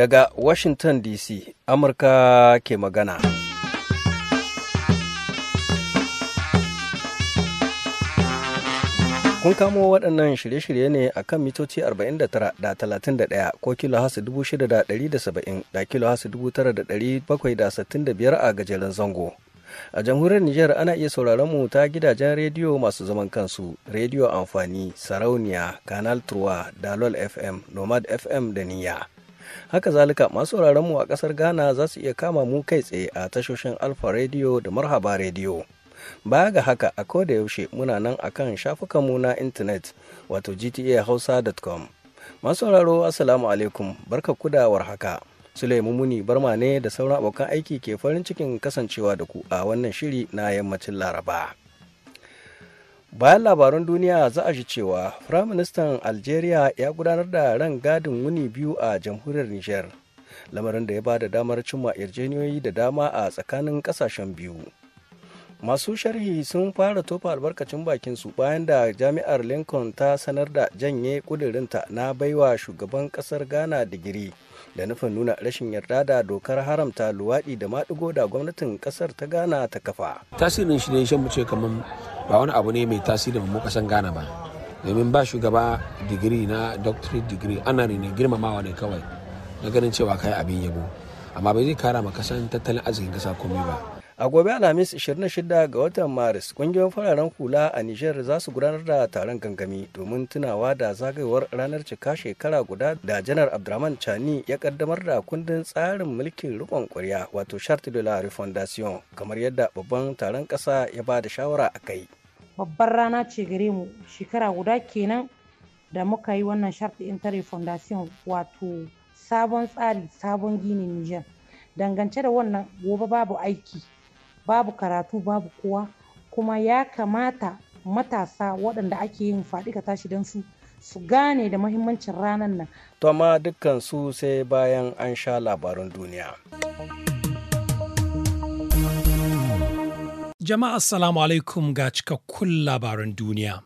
daga Washington DC, Amurka ke magana. Kun kamo waɗannan shirye-shirye ne a kan mitoci 49 da 31 ko kilo hasu 6,170 da kilo hasu 7,765 a gajeren zango. a jamhuriyar Nijar ana iya sauraron mu ta gidajen rediyo masu zaman kansu rediyo amfani sarauniya kanal Turwa, dalol fm nomad fm da niyya haka zalika masu mu a kasar ghana za su iya kama mu kai tsaye a tashoshin alfa radio da marhaba radio baya ga haka a koda yaushe muna nan akan mu na intanet wato gtahausa.com masu sauraro assalamu alaikum barka kudawar haka Sulaimu Muni Barma ne da sauran abokan aiki ke farin cikin kasancewa da ku a wannan shiri na yammacin Laraba. bayan labaran duniya za a ji cewa firaministan algeria ya gudanar da ran gadin wuni biyu a jamhuriyar niger lamarin da ya ba da damar cimma yarjejeniyoyi da dama a tsakanin kasashen biyu masu sharhi sun fara tofa albarkacin bakin su bayan da jami'ar lincoln ta sanar da janye kudurinta na baiwa shugaban kasar ghana digiri da nufin nuna rashin yarda da dokar haramta luwaɗi da maɗigo da gwamnatin ƙasar ta gana ta kafa tasirin shi ne shan ce kamar ba wani abu ne mai tasiri mu kasan ghana ba domin ba shugaba digiri na doctorate digiri ana ne girmamawa ne kawai na ganin cewa kai abin yabo amma bai zai kara ma kasan tattalin arzikin kasa komai ba a gobe alhamis 26 ga watan maris kungiyoyin fararen hula a niger za su gudanar da taron gangami domin tunawa da zagayowar ranar cika shekara guda da janar abdurrahman chani ya kaddamar da kundin tsarin mulkin rikon kwarya wato charte de la refondation kamar yadda babban taron kasa ya ba da shawara a kai babbar rana ce gare mu shekara guda kenan da muka yi wannan charte inter refondation wato sabon tsari sabon gini niger dangance da wannan gobe babu aiki babu karatu babu kowa kuma ya kamata matasa waɗanda ake yin faɗi ka tashi don su su gane da mahimmancin ranar nan. To amma dukkan su sai bayan an sha labarun duniya. Jama'a assalamu alaikum ga cikakkun labaran duniya.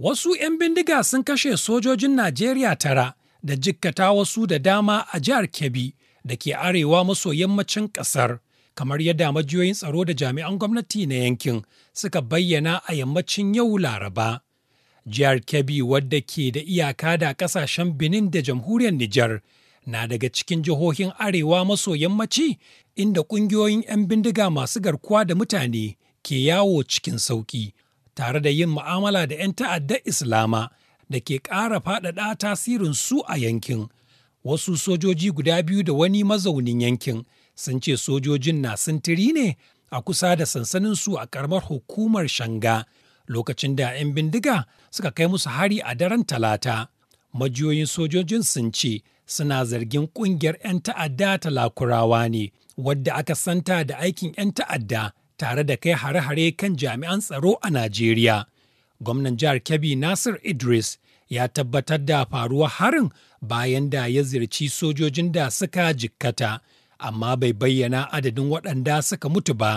Wasu 'yan bindiga sun kashe sojojin Najeriya tara da jikkata wasu da dama a jihar Kebbi da ke arewa maso yammacin ƙasar. kamar yadda majiyoyin tsaro da jami'an gwamnati na yankin suka bayyana a yammacin yau laraba jihar kebbi wadda ke da iyaka da kasashen benin da jamhuriyar nijar na daga cikin jihohin arewa maso yammaci inda ƙungiyoyin 'yan bindiga masu garkuwa da mutane ke yawo cikin sauƙi tare da yin mu'amala da 'yan ta'addar islama da ke ƙara faɗaɗa tasirin su a yankin wasu sojoji guda biyu da wani mazaunin yankin sun ce sojojin na sintiri ne a kusa da sansanin su a karamar hukumar Shanga lokacin da 'yan bindiga suka kai musu hari a daren talata. Majiyoyin sojojin sun ce suna zargin kungiyar 'yan ta'adda ta Lakurawa ne wadda aka santa da aikin 'yan ta'adda tare da kai hare-hare kan jami'an tsaro a Najeriya. Gwamnan jihar Kebbi Nasir Idris ya tabbatar da faruwar harin bayan da ya ziyarci sojojin da suka jikkata amma bai bayyana adadin waɗanda suka mutu ba.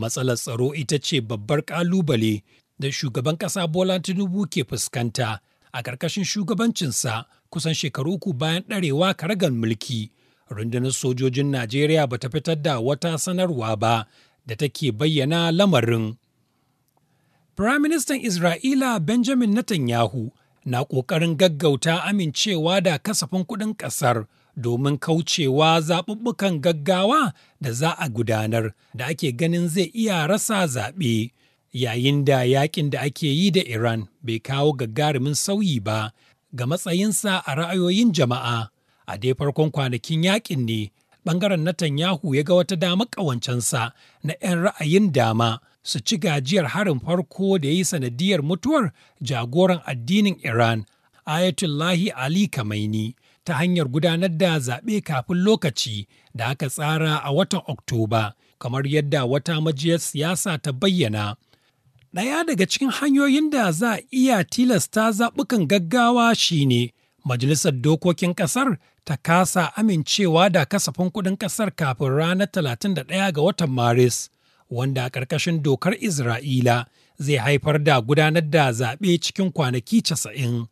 Matsalar tsaro ita ce babbar ƙalubale da shugaban ƙasa Bola Tinubu ke fuskanta a ƙarƙashin shugabancinsa kusan shekaru uku bayan ɗarewa karagan mulki. Rundunar sojojin Najeriya ba ta fitar da wata sanarwa ba da take bayyana lamarin. Firaministan Isra'ila Benjamin Netanyahu na ƙoƙarin gaggauta amincewa da kasafin kuɗin ƙasar domin kaucewa zaɓuɓɓukan gaggawa da za a gudanar da ake ganin zai iya rasa zaɓe. Yayin da yakin da ake yi da Iran bai kawo gagarumin sauyi ba ga matsayinsa a ra'ayoyin jama'a. A dai farkon kwanakin yakin ne, ɓangaren Netanyahu ya ga wata dama ƙawancensa na 'yan ra'ayin dama su ci gajiyar harin farko da ya yi sanadiyar mutuwar jagoran addinin Iran, Ayatullahi Ali Kamaini. ta hanyar gudanar da zaɓe kafin lokaci da aka tsara a watan Oktoba, kamar yadda wata majiyar siyasa ta bayyana. Ɗaya daga cikin hanyoyin da za a iya tilasta zaɓukan gaggawa shine Majalisar Dokokin Ƙasar ta kasa amincewa da kasafin kuɗin ƙasar kafin ranar 31 ga watan Maris, wanda a ƙarƙashin dokar Isra'ila zai haifar da gudanar da zaɓe cikin kwanaki casa'in.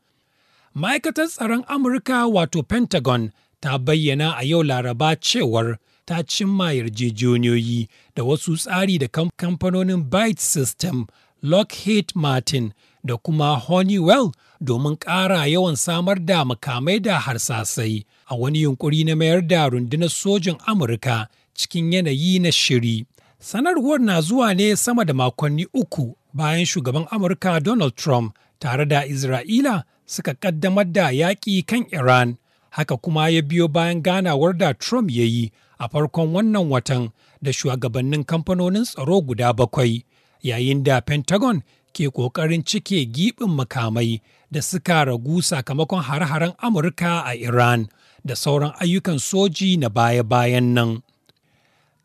Ma'aikatar tsaron Amurka wato Pentagon ta bayyana a yau Laraba cewar ta cimma yarjejeniyoyi da wasu tsari da kamfanonin Byte System, Lockheed Martin da kuma Honeywell domin ƙara yawan samar da makamai da harsasai a wani yunkuri na mayar da rundunar sojin Amurka cikin yanayi na shiri. Sanarwar na zuwa ne sama da makonni uku bayan shugaban Amurka Donald Trump tare da Isra'ila suka ƙaddamar da yaƙi kan Iran, haka kuma ya biyo bayan ganawar da Trump ya yi a farkon wannan watan da shugabannin kamfanonin tsaro guda bakwai, yayin da Pentagon ke ƙoƙarin cike giɓin makamai da suka ragu sakamakon har-haren Amurka a Iran da sauran ayyukan soji na baya-bayan nan.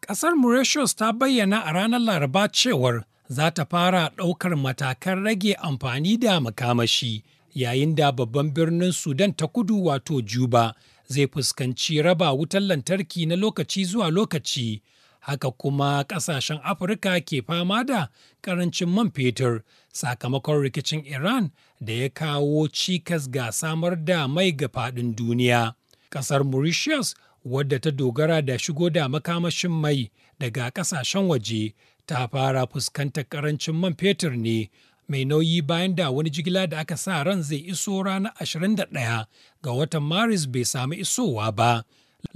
Ƙasar Mauritius ta bayyana a ranar Laraba cewar za ta fara ɗaukar matakan rage amfani da makamashi. yayin da babban birnin Sudan ta kudu wato Juba zai fuskanci raba wutar lantarki na lokaci zuwa lokaci. Haka kuma ƙasashen Afirka ke fama da ƙarancin man fetur sakamakon rikicin Iran da ya kawo cikas ga samar da mai ga faɗin duniya. Ƙasar Mauritius wadda ta dogara da shigo da makamashin mai daga ƙasashen waje ta fara fuskantar ƙarancin man fetur ne mai nauyi bayan da wani jigila da aka sa ran zai iso ranar 21 ga watan maris bai sami isowa ba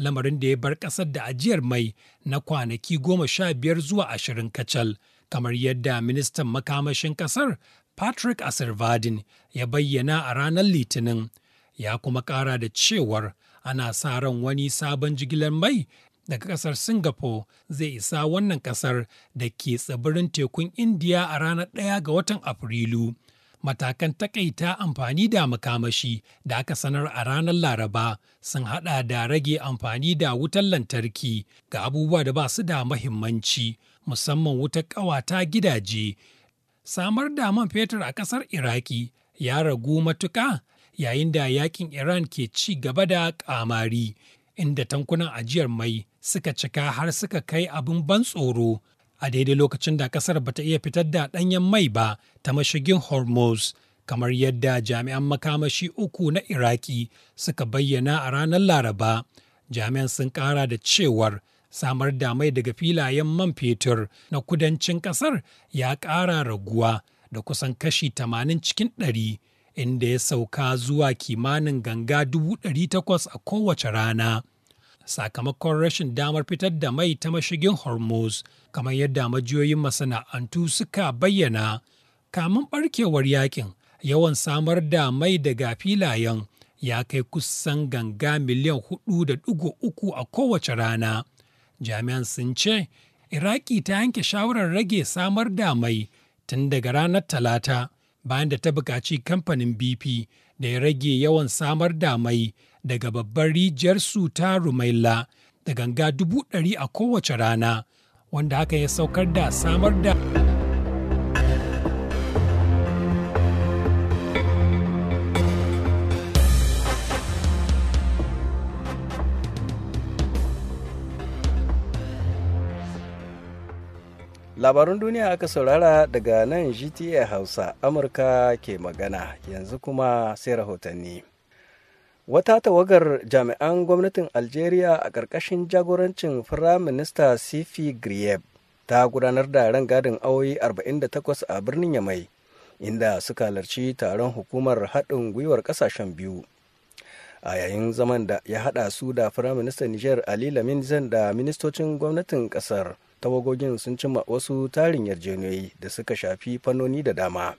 lamarin da ya bar ƙasar da ajiyar mai na kwanaki goma sha biyar zuwa ashirin kacal kamar yadda ministan makamashin ƙasar patrick asirvadin ya bayyana a ranar litinin ya kuma ƙara da cewar ana sa ran wani sabon jigilar mai daga kasar Singapore zai isa wannan kasar da ke tsibirin tekun Indiya a ranar ɗaya ga watan Afrilu. Matakan takaita amfani da makamashi da aka sanar a ranar Laraba sun hada da rage amfani da wutar lantarki ga abubuwa da ba su da mahimmanci, musamman wutar ƙawata gidaje. Samar da man fetur a ƙasar Iraki ya ragu matuƙa yayin da yakin Iran ke ci gaba da ƙamari, inda tankunan ajiyar mai suka cika har suka kai abin ban tsoro a daidai lokacin da kasar bata iya fitar da ɗanyen mai ba ta mashigin hormuz kamar yadda jami'an makamashi uku na iraki suka bayyana a ranar laraba jami'an sun kara da cewar samar da mai daga filayen man fetur na kudancin kasar ya kara raguwa da kusan kashi tamanin cikin ɗari. inda ya sauka zuwa kimanin ganga 800 a kowace rana sakamakon rashin damar fitar da mai ta mashigin hormuz kamar yadda majiyoyin masana'antu suka bayyana kamun barkewar yakin yawan samar da mai daga filayen ya kai kusan ganga miliyan huɗu da dugu uku a kowace rana jami'an sun ce iraki ta yanke shawarar rage samar da mai tun daga ranar talata bayan da ta buƙaci kamfanin bp da ya rage yawan samar da mai daga babbar rijiyarsu ta Rumaila da ganga dubu ɗari a kowace rana, wanda haka ya saukar da samar da. labarun duniya aka saurara daga nan gta hausa amurka ke magana yanzu kuma sai rahotanni wata tawagar jami'an gwamnatin algeria a ƙarƙashin jagorancin firaminista sifi grieb ta gudanar da rangadin awoyi 48 a birnin yamai inda suka halarci taron hukumar haɗin gwiwar ƙasashen biyu a yayin zaman da ya haɗa su da firaministan niger ali lamin zan da ministocin gwamnatin ƙasar tawagogin sun cimma wasu tarin yarjejeniyoyi da suka shafi fannoni da dama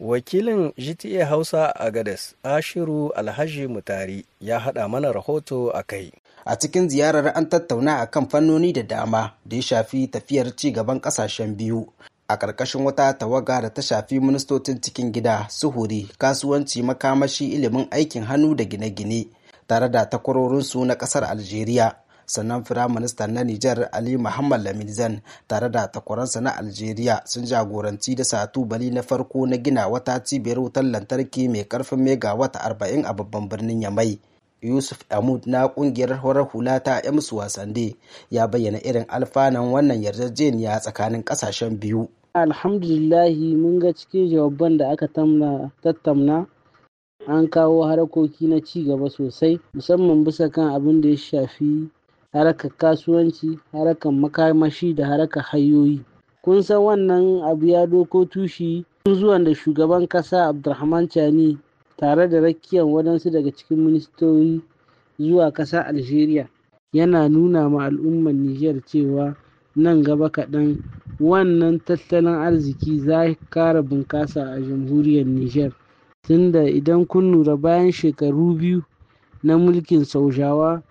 wakilin gta hausa a gadas ashiru alhaji mutari ya haɗa mana rahoto a kai a cikin ziyarar an tattauna a kan fannoni da dama da ya shafi tafiyar ci gaban ƙasashen biyu a ƙarƙashin wata tawaga da ta shafi ministocin cikin gida suhuri kasuwanci makamashi ilimin aikin hannu da gine-gine tare da takwarorinsu na ƙasar algeria sannan firaminista na Nijar Ali Muhammad Lamizan tare da takwaransa na Algeria sun jagoranci da satubali na farko na gina wata cibiyar wutar lantarki mai karfin wata arba'in a babban birnin Yamai. Yusuf Amud na kungiyar horar hula ta Emsu Wasande ya bayyana irin alfanan wannan yarjejeniya tsakanin kasashen biyu. Alhamdulillahi mun ga cikin jawaban da aka tattamna an kawo harakoki na ci gaba sosai musamman bisa kan abin da ya shafi harkar kasuwanci harkar makamashi da harkar hanyoyi kun san wannan abu ya doko tushi tun zuwan da shugaban kasa abdulrahman chani tare da rakiyar wadansu daga cikin ministoyi zuwa kasa algeria yana nuna ma al'ummar Nijar cewa nan gaba kaɗan wannan tattalin arziki za kara bunƙasa a jamhuriyar Nijar. tunda idan kun nura bayan shekaru biyu na mulkin saujawa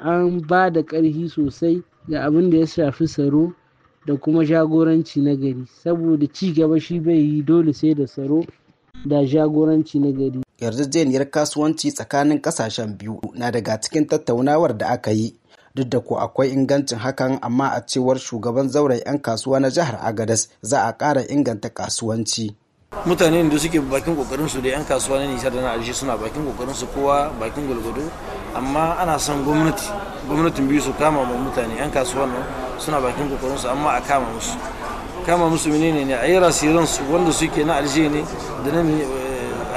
an ba da ƙarfi sosai ga abin da ya shafi tsaro da kuma jagoranci na gari saboda ci gaba shi bai yi dole sai da tsaro da jagoranci na gari yarjejeniyar kasuwanci tsakanin kasashen biyu na daga cikin tattaunawar da aka yi duk da ko akwai ingancin hakan amma a cewar shugaban zauren 'yan kasuwa na jihar agadas za a ƙara inganta kasuwanci mutane da suke bakin kokarin su da yan kasuwa na nisa da na arshe suna bakin kokarin su kowa bakin gulgudu amma ana son gwamnati gwamnatin biyu su kama mu mutane yan kasuwa nan suna bakin kokarin su amma a kama musu kama musu menene ne a yi rasiran su wanda suke na arshe ne da na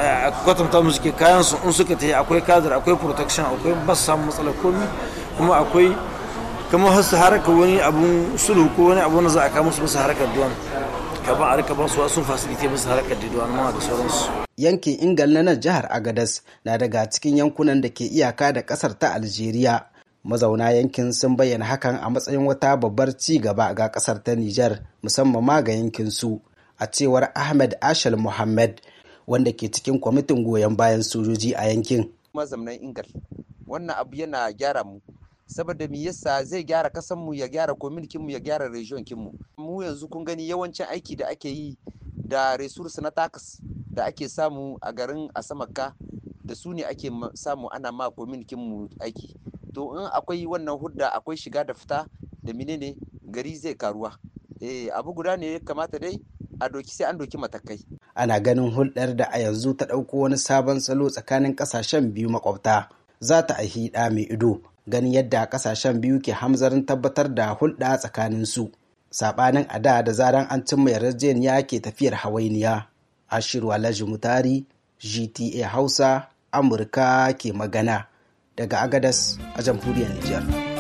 eh, a kwatanta musu ke kayan su in suka tafi akwai kadar akwai protection akwai ba samu komi kuma akwai kamar su haraka wani abun sulhu ko wani abu na za a kama musu harkar duwan kafin a rika basu wasu fasilite musu harkar a da sauransu yankin ingal na nan jihar agadas na daga cikin yankunan da ke iyaka da ƙasar ta algeria mazauna yankin sun bayyana hakan a matsayin wata babbar ci gaba ga ƙasar ta nijar musamman ma ga yankin su a cewar ahmed ashal muhammad wanda ke cikin kwamitin goyon bayan sojoji a yankin mazaunan ingal wannan abu yana gyara mu saboda me yasa zai gyara kasan mu ya gyara communitin mu ya gyara region kin mu mu yanzu kun gani yawancin aiki da ake yi da resource na tax da ake samu a garin asamaka da su ne ake samu ana ma communitin mu aiki to in akwai wannan hudda akwai shiga da fita da menene gari zai karuwa eh abu guda ne kamata dai a doki sai an doki matakai ana ganin hulɗar da a yanzu ta ɗauko wani sabon salo tsakanin ƙasashen biyu makwabta za ta hiɗa mai ido ganin yadda kasashen biyu ke hamzarin tabbatar da hulɗa tsakanin su saɓanin a da da zaran an cimma yarjejeniya ke tafiyar hawainiya ashiru alhaji mutari gta hausa amurka ke magana daga agadas a jamhuriyar nijar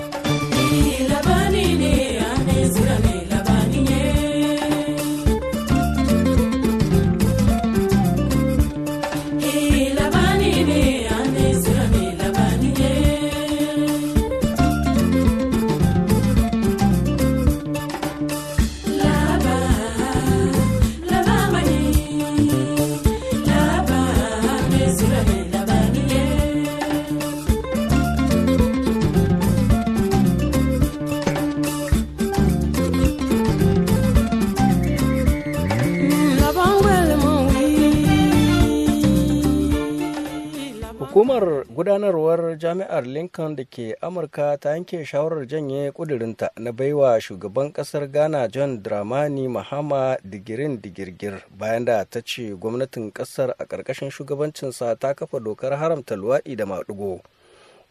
Hukumar gudanarwar jami'ar Lincoln da ke Amurka ta yanke shawarar janye kudurinta na baiwa shugaban kasar Ghana John Dramani Mahama digirin digirgir bayan da ta ce gwamnatin kasar a ƙarƙashin shugabancinsa ta kafa dokar haramta luwaɗi da maɗigo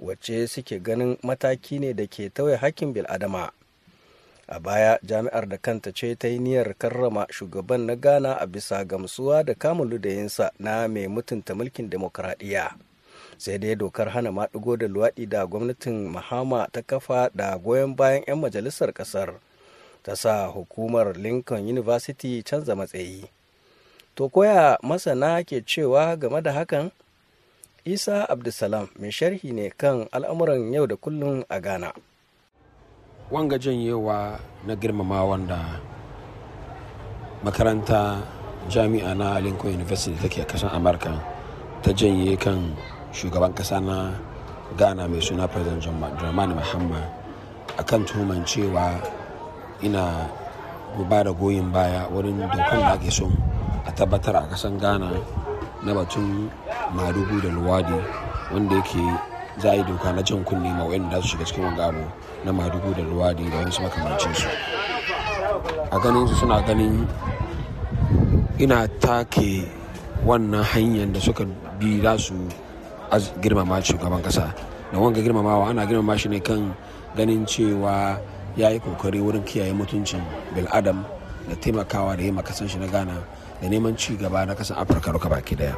wacce suke ganin mataki ne da ke tauye hakkin bil'adama. A baya jami'ar da kanta ce ta yi niyyar karrama shugaban na Ghana a bisa gamsuwa da kamun ludayinsa na mai mutunta mulkin demokuraɗiyya. sai dai dokar hana maɗigo da luwaɗi da gwamnatin mahama ta kafa da goyon bayan 'yan majalisar ƙasar ta sa hukumar lincoln university canza matsayi to koya masana ke cewa game da hakan isa abdulsalam mai sharhi ne kan al'amuran yau da kullum a ghana wanga janyewa na girmama wanda makaranta jami'a na lincoln university take kasan amurka ta janye kan shugaban kasa na ghana mai suna president dramani mahama a kan tuhuman cewa ina ba da goyin baya wurin dokan da ake so a tabbatar a kasan ghana na batun madugu da luwadi wanda yake za a yi doka na jan kunne ma da su shiga cikin wangabo na madugu da luwadi da wasu makamancin su a ganin su suna ganin ina take wannan hanyar da suka bi za su girmama shugaban kasa da wanga girmamawa ana girmama shi ne kan ganin cewa ya yi kokari wurin kiyaye mutuncin bil'adam da taimakawa da yi makasan shi na ghana da neman ci gaba na kasan afirka ruka baki daya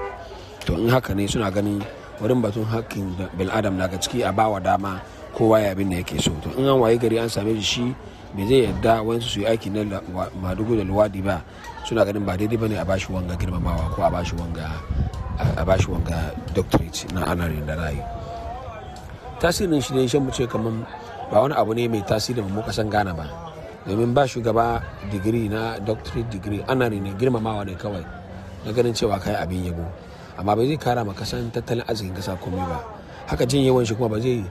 to in haka ne suna ganin wurin batun hakkin bil'adam ga ciki a bawa dama kowa ya abin da yake so to in an waye gari an same shi bai zai yarda wani su yi aiki na madugu da luwadi ba suna ganin ba daidai ba ne a bashi wanga girmamawa ko a bashi wanga a bashi wanga doctorate na anarin da rayu tasirin shi ne shan mu ce kamar ba wani abu ne mai tasirin mu kasan gana ba domin ba shugaba digiri na doctorate digiri anari ne girmamawa ne kawai na ganin cewa kai abin yabo amma ba zai kara ma kasan tattalin arzikin kasa komai ba haka jin yawan shi kuma ba zai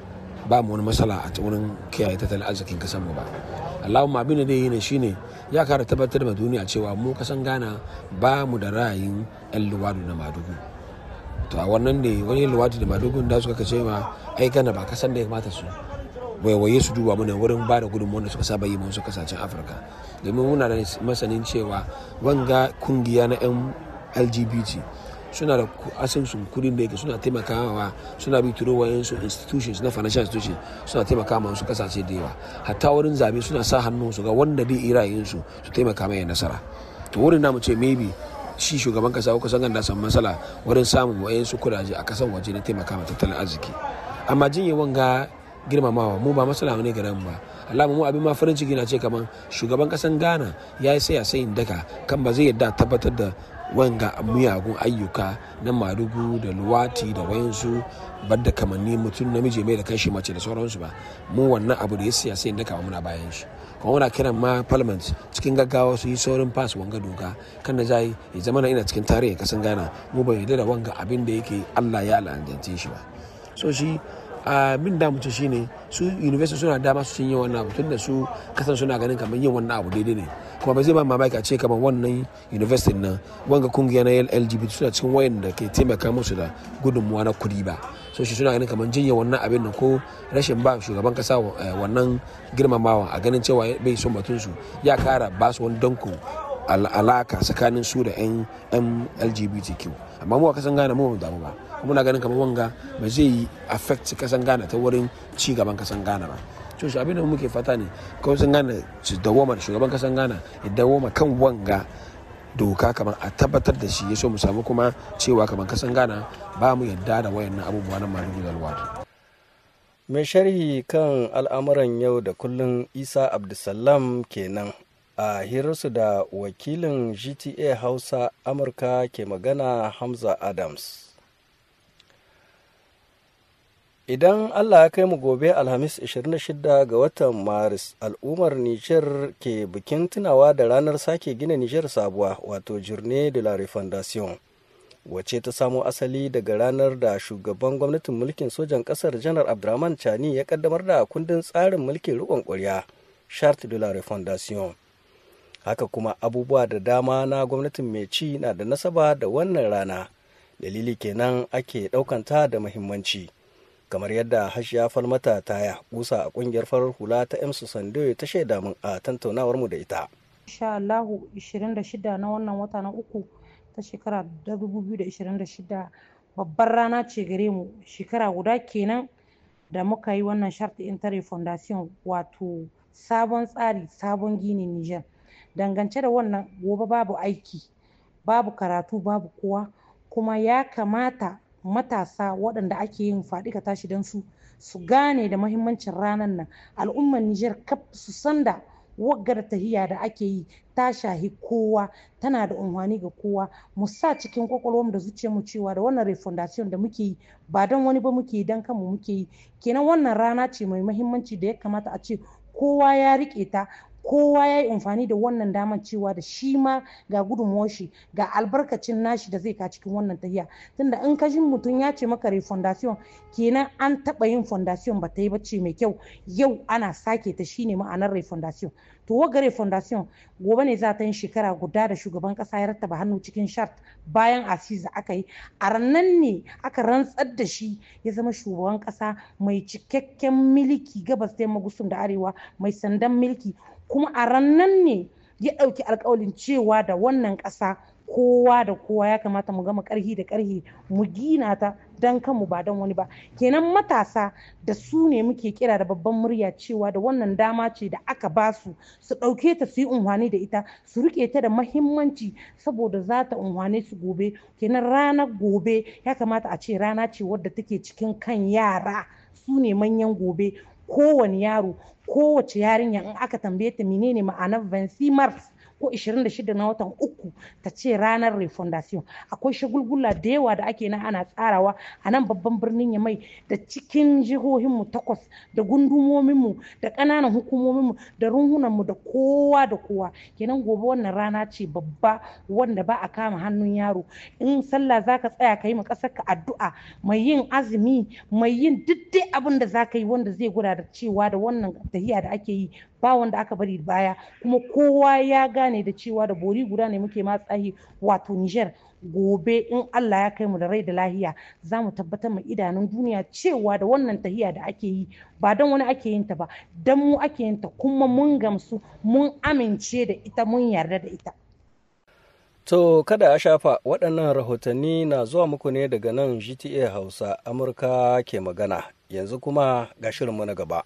ba mu wani matsala a wurin kiyaye tattalin arzikin kasan mu ba allahumma abin da yi ne shine ya kara tabbatar da duniya cewa mu kasan gana ba mu da ra'ayin yan luwadu na madugu to a wannan ne wani luwadi da madugun da suka kace ma ai gana ba kasan da ya kamata su waiwaye su duba mana wurin ba da gudunmuwan da suka saba yi mun su kasashen afirka domin muna da masanin cewa wanga kungiya na yan lgbt suna da asinsun kudin da yake suna taimakawa suna bi turo su institutions na financial institutions suna taimakawa masu kasashe da yawa hatta wurin zabe suna sa hannu su ga wanda dai irayensu su taimaka mai nasara to wurin namu ce maybe shi shugaban kasa kuka san da samu matsala wurin samun su kudaje a kasan waje na taimaka ma tattalin arziki amma jin yawan wanga girmamawa mu ba matsala ne ga mu ba alamu mu abin ma farin ciki na ce kaman shugaban kasan Ghana ya yi saya sayin daka kan ba zai yarda tabbatar da wanga miyagun ayyuka na madugu da luwati da wayansu da kamanni mutum namiji mai da kanshi mace da sauransu ba mu wannan abu da ya siya sayin daga muna bayan shi kuma muna kiran ma parliament cikin gaggawa su yi saurin fas wanga doka kan da zai ya zama na ina cikin tarihin kasan gana mu bai yarda da wanga abin da yake allah ya la'anjance shi ba so shi min da mutu shine su university suna dama su yi wannan abu tunda su kasan suna ganin kamar yin wannan abu daidai ne kuma ba zai ba mamaki a ce kamar wannan university na wanga kungiya na lgbt suna cikin wayan da ke taimaka musu da gudunmuwa na kudi ba sun shi suna ganin kamar jinya wannan abin nan ko rashin ba shugaban kasa eh, wannan girmamawa a ganin cewa bai son batun su ya kara ba su wani danko alaka tsakanin su da 'yan lgbtq amma mu a kasan gane mu damu ba muna ganin kamar wanga ba zai yi affect kasan gana ta wurin ci gaban kasan gana ba to shi abin da muke fata ne kawai sun gane su dawoma shugaban kasan gana ya dawoma kan wanga doka kamar a tabbatar da shi ya so mu samu kuma cewa kamar kasan gana ba mu yadda da wayannan abubuwa na madugu da mai sharhi kan al'amuran yau da kullun isa abdulsalam kenan a hirarsu da wakilin gta hausa amurka ke magana hamza adams Idan Allah ya kai mu gobe Alhamis 26 ga watan Maris, al'ummar Nijar ke bikin tunawa da ranar sake gina Nijar sabuwa wato jirne de la Refondation, wace ta samo asali daga ranar da shugaban gwamnatin mulkin sojan ƙasar Janar Abdurrahman Chani ya kaddamar da kundin tsarin mulkin riƙon ƙwarya, Charte de la Refondation. Haka kuma abubuwa da dama na gwamnatin mai ci na da nasaba da wannan rana, dalili kenan ake ɗaukanta da muhimmanci. kamar yadda hashiya falmata ta ya kusa a kungiyar farar hula ta emsu sando ta shaida mun a tantaunawar mu da ita insha Allahu 26 na wannan wata na uku ta shekara 2026 babbar rana ce gare mu shekara guda kenan da muka yi wannan sharti intare foundation wato sabon tsari sabon gini Nijar dangance da wannan gobe babu aiki babu karatu babu kowa kuma ya kamata matasa waɗanda ake yin faɗi ka tashi don su su gane da mahimmancin ranar nan al'ummar Nijar kaf su san da waggar tahiya da ake yi ta shahi kowa tana da unhwani ga kowa mu sa cikin kwakwalwar da zuciyar mu cewa da wannan refondation da muke yi ba don wani ba muke yi don kanmu muke yi kenan wannan rana ce mai mahimmanci da ya kamata a ce kowa ya rike ta kowa ya yi amfani da wannan damar cewa da shi ma ga gudunmuwar shi ga albarkacin nashi da zai ka cikin wannan tahiya tunda in ka mutum ya ce maka refondation kenan an taɓa yin fondation ba ta yi bacci mai kyau yau ana sake ta shine ma'anar refondation to waga refondation gobe ne za ta yin shekara guda da shugaban ƙasa ya rattaba hannu cikin shart bayan asiza aka yi a rannan ne aka rantsar da shi ya zama shugaban ƙasa mai cikakken miliki gabas da yamma da arewa mai sandan miliki. kuma a rannan ne ya ɗauki alkawalin cewa da wannan ƙasa kowa da kowa ya kamata mu gama ƙarhi da ƙarhi mu gina ta don mu ba don wani ba kenan matasa da su ne muke kira da babban murya cewa da wannan dama ce da aka ba su su ɗauke ta su yi unhwane da ita su rike ta da mahimmanci saboda za ta unhwane su gobe kenan ranar gobe ya kamata a ce rana ce wadda take cikin kan yara su ne manyan gobe kowane yaro kowace yarinya in aka tambaye ta menene ma'anar vansi ko 26 na watan uku ta ce ranar refundation akwai shagulgula da yawa da ake na ana tsarawa a nan babban birnin ya mai da cikin jihohinmu takwas da gundumominmu da ƙananan hukumominmu da runhunanmu da kowa da kowa kenan gobe wannan rana ce babba wanda ba a kama hannun yaro in sallah za ka tsaya ka yi ma kasar ka addu'a mai yin azumi mai yin duk dai abin da za ka yi wanda zai gudanar cewa da wannan tahiya da ake yi ba wanda aka bari baya kuma kowa ya gane gane da cewa da bori guda ne muke matsahi wato Niger gobe in Allah ya kai mu da rai da lahiya za mu tabbatar mu idanun duniya cewa da wannan tahiya da ake yi ba don wani ake yin ta ba dan mu ake yin ta kuma mun gamsu mun amince da ita mun yarda da ita To kada a shafa waɗannan rahotanni na zuwa muku ne daga nan GTA Hausa Amurka ke magana yanzu kuma ga shirinmu na gaba.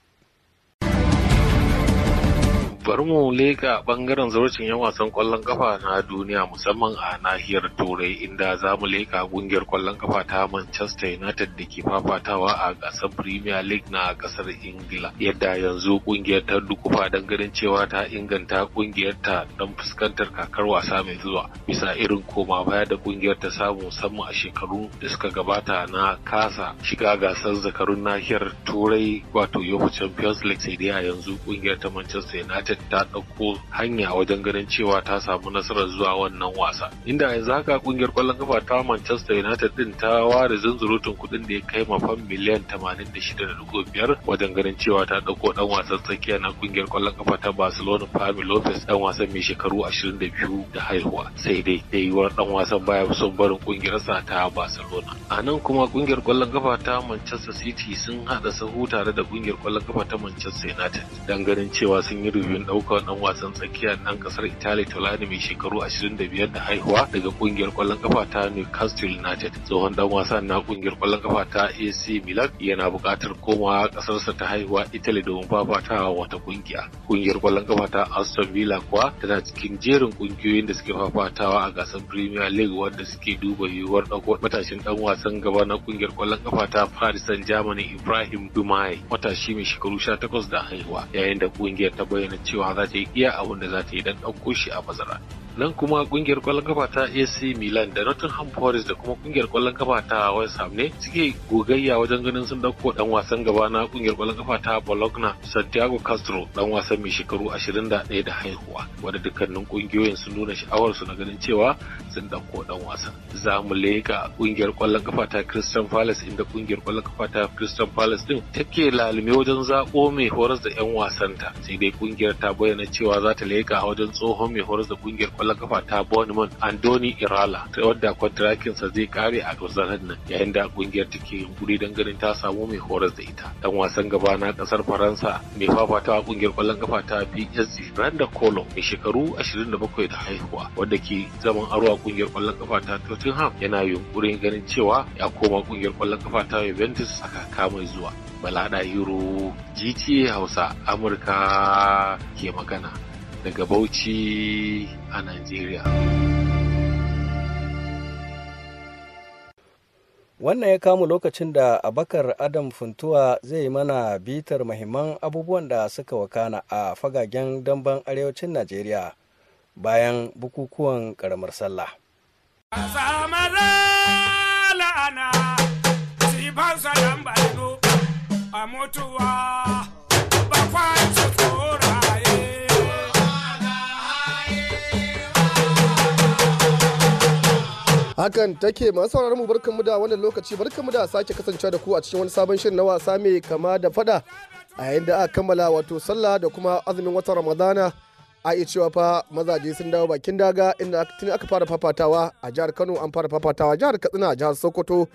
bari mu leka bangaren zauracin yan wasan kwallon kafa na duniya musamman a nahiyar turai inda za mu leka kungiyar kwallon kafa ta manchester united da ke fafatawa a gasar premier league na kasar ingila yadda yanzu kungiyar ta dukufa don ganin cewa ta inganta kungiyar ta don fuskantar kakar wasa mai zuwa bisa irin koma baya da kungiyar ta samu musamman a shekaru da suka gabata na kasa shiga gasar zakarun nahiyar turai wato yofu champions league sai dai a yanzu kungiyar ta manchester united united ta ɗauko hanya wajen ganin cewa ta samu nasarar zuwa wannan wasa inda yanzu haka kungiyar kwallon kafa ta manchester united ɗin ta ware zunzurutun kuɗin da ya kai ma mafan miliyan 86.5 wajen ganin cewa ta ɗauko ɗan wasan tsakiya na kungiyar kwallon kafa ta barcelona Pablo lopez ɗan wasan mai shekaru 22 da haihuwa sai dai da yiwuwar ɗan wasan baya son barin kungiyarsa ta barcelona a nan kuma kungiyar kwallon kafa ta manchester city sun haɗa sahu tare da kungiyar kwallon kafa ta manchester united dan ganin cewa sun yi rubin daukar ɗan wasan tsakiya nan kasar Italy Tolani mai shekaru 25 da haihuwa daga ƙungiyar kwallon kafa ta Newcastle United. Tsohon ɗan wasan na ƙungiyar ƙwallon kafa ta AC Milan yana buƙatar komawa ƙasarsa ta haihuwa Italy domin fafatawa wata ƙungiya. Ƙungiyar kwallon kafa ta Aston Villa kuwa tana cikin jerin ƙungiyoyin da suke fafatawa a gasar Premier League wanda suke duba yiwuwar ɗauko matashin ɗan wasan gaba na ƙungiyar kwallon kafa ta Paris Saint-Germain Ibrahim Dumai matashi mai shekaru 18 da haihuwa yayin da kungiyar ta bayyana cewa cewa za ta yi iya abin da za ta yi don ɗauko shi a bazara nan kuma kungiyar kwallon kafa ta AC Milan da Nottingham Forest da kuma kungiyar kwallon kafa ta West Ham ne suke gogayya wajen ganin sun dauko dan wasan gaba na kungiyar kwallon kafa ta Bologna Santiago Castro dan wasan mai shekaru 21 da haihuwa wanda dukkanin kungiyoyin sun nuna sha'awar su na ganin cewa sun dauko dan wasan za mu leka kungiyar kwallon kafa ta Crystal Palace inda kungiyar kwallon kafa ta Crystal Palace din take lalume wajen zako mai horas da yan wasanta sai dai kungiyar ta bayyana cewa za ta leka wajen tsohon mai horas da kungiyar kwallon kafa ta Bournemouth Andoni Irala ta wadda kwantarakinsa zai kare a gasarar nan yayin da kungiyar take yunkuri don ganin ta samu mai horas da ita. Dan wasan gaba na kasar Faransa mai fafatawa kungiyar kwallon kafa ta PSG Randa Colo mai shekaru 27 da haihuwa wadda ke zaman aro a kungiyar kwallon kafa ta Tottenham yana yunkurin ganin cewa ya koma kungiyar kwallon kafa ta Juventus a kaka mai zuwa. Balada yuro GTA Hausa Amurka ke magana daga Bauchi a Najeriya. Wannan ya kamu lokacin da Abakar Adam Funtuwa zai yi mana bitar mahimman abubuwan da suka wakana a fagagen damban arewacin Najeriya bayan bukukuwan karamar sallah. a mutuwa hakan take masu sauraron mu barkanmu da wannan lokaci barkanmu da sake kasancewa da ku a cikin wani sabon shirin na wasa mai kama da fada a yayin da aka kammala wato sallah da kuma azumin watan ramadana a iya cewa fa mazaje sun dawo bakin daga inda tun aka fara fafatawa a jihar kano an fara fafatawa jihar katsina jihar sokoto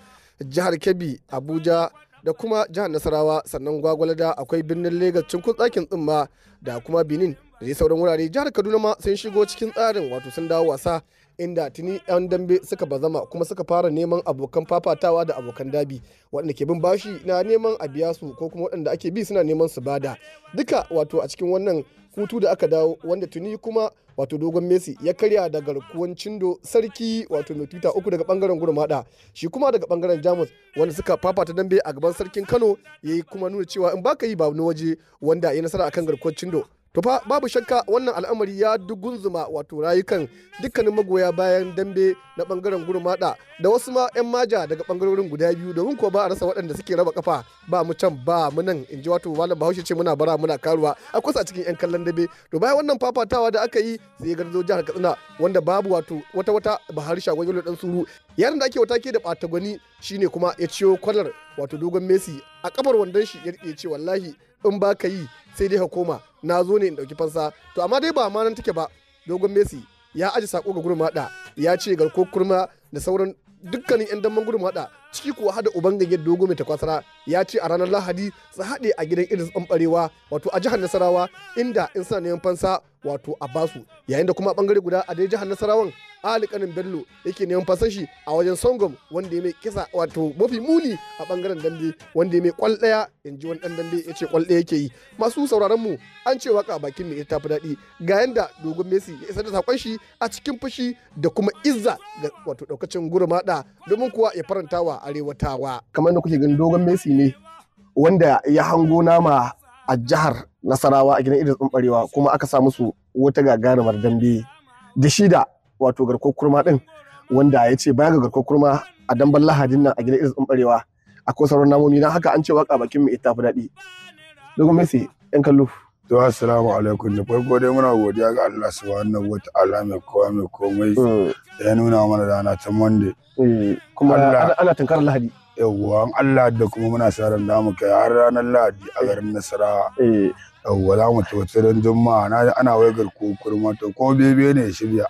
jihar kebbi abuja da kuma jihar nasarawa sannan gwagwalada akwai birnin legas cikin tsakin tsumma da kuma benin da sauran wurare jihar kaduna ma sun shigo cikin tsarin wato sun dawo wasa inda tuni 'yan dambe suka bazama kuma suka fara neman abokan fafatawa da abokan dabi waɗanda ke bin bashi na neman a biya su ko kuma waɗanda ake bi suna neman su bada duka wato a cikin wannan hutu da aka dawo wanda tuni kuma wato dogon messi ya karya da garkuwan cindo sarki wato mai tuta uku daga bangaren gurmada shi kuma daga bangaren jamus wanda suka fafata dambe a gaban sarkin kano ya yi kuma nuna cewa in baka yi ba wani waje wanda ya nasara akan garkuwan cindo To fa babu shakka wannan al'amari ya dugunzuma wato rayukan dukkanin magoya bayan dambe na bangaren gurmada da wasu ma 'yan maja daga bangarorin guda biyu domin kuwa ba a rasa waɗanda suke raba kafa ba mu can ba mu nan in ji wato malam bahaushe ce muna bara muna karuwa a kusa cikin 'yan kallon dambe to bayan wannan fafatawa da aka yi sai garzo jihar katsina wanda babu wato wata wata bahari shagon yalo dan suru yaran da ake wata ke da ɓata gwani shine kuma ya ciyo kwalar wato dogon messi a kafar wandon shi ya ce wallahi in ba ka yi sai dai ka koma na zo ne in dauki fansa to amma dai ba ma nan take ba dogon messi ya aji sako ga gurmada ya ce ga kurma da sauran dukkanin 'yan damban gudun hada ciki kuwa hada uban gange dogo mai takwasara ya ce a ranar lahadi su haɗe a gidan iris barewa wato a jihar nasarawa inda in suna neman fansa wato abasu yayin da kuma bangare guda a dai jihar nasarawan ali kanin bello yake neman fasashi a wajen songom wanda ya mai kisa wato mafi muni a bangaren dambe wanda ya mai kwal daya in ji wani dan dambe ya ce kwal daya yake yi masu sauraron mu an ce waka bakin mai ita fi daɗi ga yanda dogon messi ya isa da sakon shi a cikin fushi da kuma izza ga wato daukacin da domin kuwa ya faranta farantawa arewatawa kamar da kuke gani dogon messi ne wanda ya hango nama a jihar Nasarawa a gidan Idris tsumbarewa kuma aka samu su wata gagarumar dambe da shida wato garkon kurma din wanda ya ce baya ga garkon kurma a damban lahadin nan a gidan tsumbarewa a akwai sauran namomi dan haka an ce waka bakin mu ita fi daɗi. Dogon Messi yan kallo. To assalamu alaikum da farko dai muna godiya ga Allah subhanahu wa ta'ala mai kowa mai komai mm. ya nuna mana rana ta Monday. Eh, kuma ana tunkarar Lahadi. yawwa an Allah da kuma muna sa ran da mu kai har ranar Lahadi a garin Nasara eh. yawwa za mu tafi ran Juma'a na ana waigar ko kurma to ko bebe ne shirya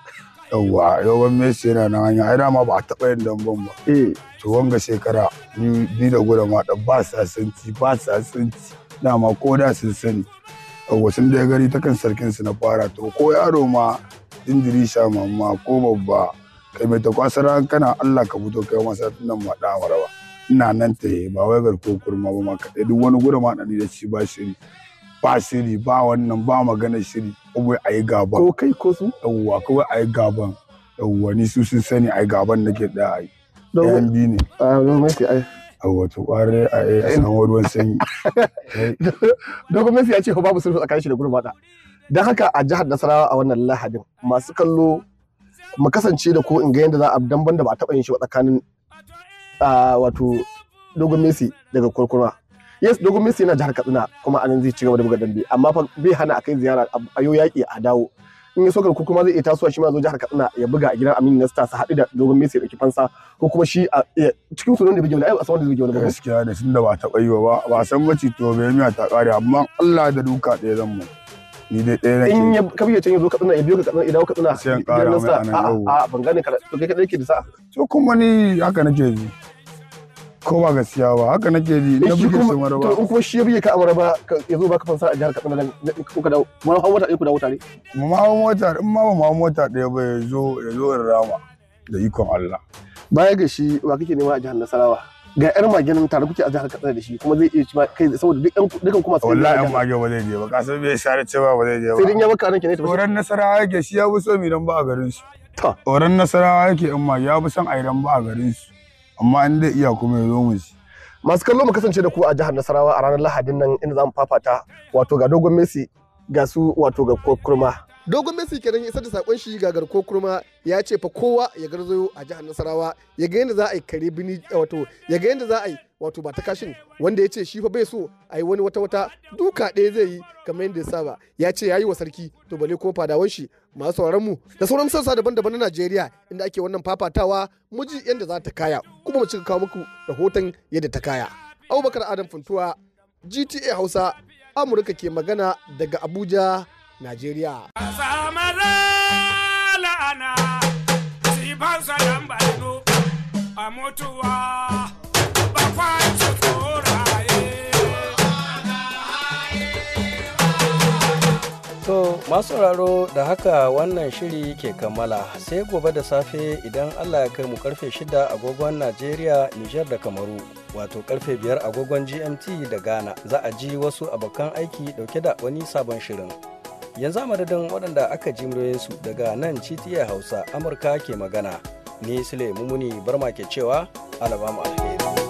yawwa yawan Messi yana nan hanya ai dama ba a taɓa yin damban ba eh. to wanga shekara ni da gura ma da ba sa santi ba sa santi dama ko da sun sani yawwa sun da gari ta kan sarkin su na fara to ko yaro ma indirisha mamma ko babba kai mai ta kwasara kana Allah ka fito kai masa tunan maɗa marawa. ina nan ta yi ba wai garko kurma ba ma kaɗai duk wani gudu ma ɗari da shi ba shiri ba shiri ba wannan ba magana shiri kawai a yi gaban. Ko kai ko su? Yawwa kawai a yi gaban. Yawwa ni su sun sani a yi gaban nake ɗaya a yi. Ɗayan biyu ne. Don Messi ai. Yawwa to ƙware a yi a samu ruwan sanyi. Don Messi ya ce ko babu sulhu tsakanin shi da maɗa Don haka a jihar Nasarawa a wannan Lahadin masu kallo mu kasance da ko in ga yadda za a damban da ba a taɓa yin shi tsakanin wato dogon messi daga kurkuma yes dogon messi yana jihar katsina kuma anan zai ci gaba da buga dambe amma fa bai hana akai ziyara a yau yaki a dawo in ya so karku kuma zai iya tasowa shi ma zo jihar katsina ya buga a gidan aminu nasta su haɗu da dogon messi da ɗauki fansa ko kuma shi a cikin sunan da bai gyara a san wanda zai gyara ba gaskiya da tunda ba ta yi ba ba san bace to bai miya ta ƙare amma Allah da duka ɗaya zan mu ni dai ɗaya nake in ya kabi can ya zo katsina ya biyo ka katsina ya dawo katsina sai an ƙara mai yau a ban gane ka to kai kaɗai ke da sa'a to kuma ni haka nake yi ko ba gaskiya ba haka nake ji na eh, buge su maraba to kuma shi ya buge ka a ba ya zo baka fansa a jihar Katsina dan kuka dawo mu hawo mota ɗaya ku dawo tare mu hawo mota in ma ba mu hawo mota ɗaya ba ya zo ya zo in rama da ikon Allah baya ga shi wa kake nema a jihar Nasarawa ga yar magen tare kuke a jihar Katsina da shi kuma zai iya ci kai saboda duk ɗan dukan kuma sai wallahi yan magen ba zai je ba kasan bai sare cewa ba zai je ba sai din ya baka nan ne ta ran Nasarawa yake shi ya fi so mi dan ba a garin su to ran Nasarawa yake in ma ya bu san a ba a garin shi amma in zai iya kuma ya zo mu masu kallo mu kasance da ku a jihar Nasarawa a ranar Lahadin nan inda zamu fafata wato ga dogon Messi ga su wato ga kokurma. dogon Messi kenan isa da sakon shi ga garko kurma ya ce fa kowa ya garzayo a jihar Nasarawa ya ga yadda za a yi kare bini wato ya ga yadda za a yi wato ba ta kashin wanda ya ce shi fa bai so a yi wani wata wata duka ɗaya zai yi kamar yadda ya saba ya ce ya yi wa sarki to bale ko fadawan shi masu sauran mu da sauran sassa daban-daban na Najeriya inda ake wannan fafatawa mu ji yadda za ta kaya kuma mu cika kawo muku rahoton yadda ta kaya abubakar adam funtuwa gta hausa amurka ke magana daga abuja najeriya a mutuwa masu raro da haka wannan shiri ke kammala sai gobe da safe idan allah ya kai mu karfe shida agogon najeriya niger da kamaru wato karfe biyar agogon gmt da ghana za a ji wasu abokan aiki dauke da wani sabon shirin yanzu a madadin waɗanda aka ji su daga nan citiya hausa amurka ke magana ni sule mumuni barma ke cewa alabama alheri